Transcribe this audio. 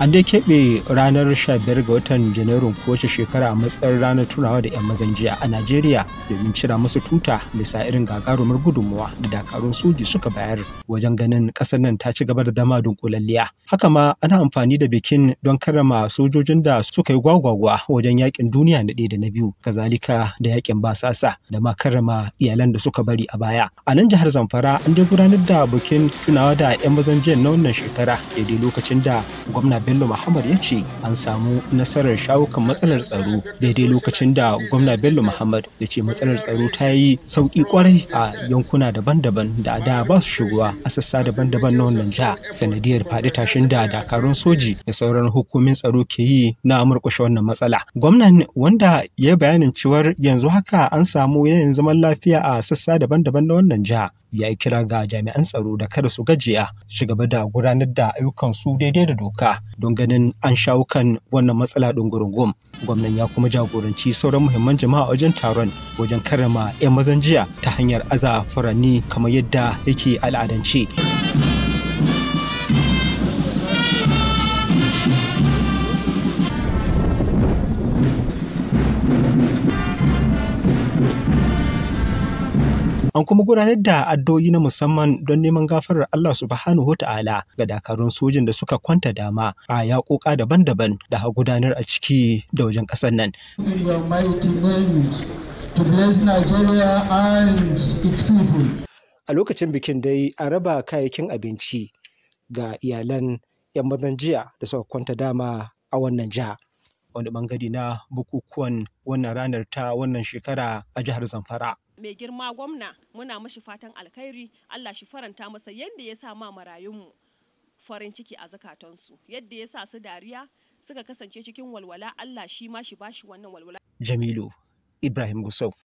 an dai keɓe ranar 15 ga watan janairun kowace shekara a matsayin ranar tunawa da 'yan mazan jiya a najeriya domin cira musu tuta bisa irin gagarumar gudunmuwa da dakarun soji suka bayar wajen ganin ƙasar nan ta ci gaba da dama dunkulalliya haka ma ana amfani da bikin don karrama sojojin da suka yi gwagwagwa wajen yakin duniya na ɗaya da na biyu kazalika da yakin basasa da ma karrama iyalan da suka bari a baya a nan jihar zamfara an dai gudanar da bikin tunawa da 'yan mazan jiya na wannan shekara daidai lokacin da gwamna bello muhammad ya ce an samu nasarar shawo kan matsalar tsaro daidai lokacin da gwamna bello muhammad ya ce matsalar tsaro ta yi sauki kwarai a yankuna daban-daban da da ba su shigowa a sassa daban-daban na wannan jiha sanadiyar faɗi tashin da dakarun soji da sauran hukumin tsaro ke yi na murƙushe wannan matsala gwamnan wanda ya bayanin cewar yanzu haka an samu yanayin zaman lafiya a sassa daban-daban na wannan jiha ya yi kira ga jami'an tsaro da kada su gajiya su gaba da gudanar da ayyukan su daidai da doka don ganin an shawo kan wannan matsala ɗungurungum gwamnan ya kuma jagoranci sauran muhimman jama'a wajen taron wajen karrama 'yan mazan jiya ta hanyar aza furanni kamar yadda yake al'adance. An kuma gudanar da addu'o'i na musamman don neman gafarar Allah subhanahu ta'ala ga dakarun sojin da suka kwanta dama a yaƙoƙa daban-daban da ha gudanar a ciki da wajen ƙasar nan. A lokacin bikin dai an raba kayayyakin abinci ga iyalan 'yan mazan jiya da suka kwanta dama a wannan jiha. Wani bangare na bukukuwan wannan ranar ta wannan shekara a jihar Zamfara. mai girma gwamna muna mashi fatan alkhairi allah shi faranta masa yadda ya sa ma marayun mu farin ciki a zakatansu yadda ya sa su dariya suka kasance cikin walwala allah shi ma shi bashi wannan walwala jamilu ibrahim gusau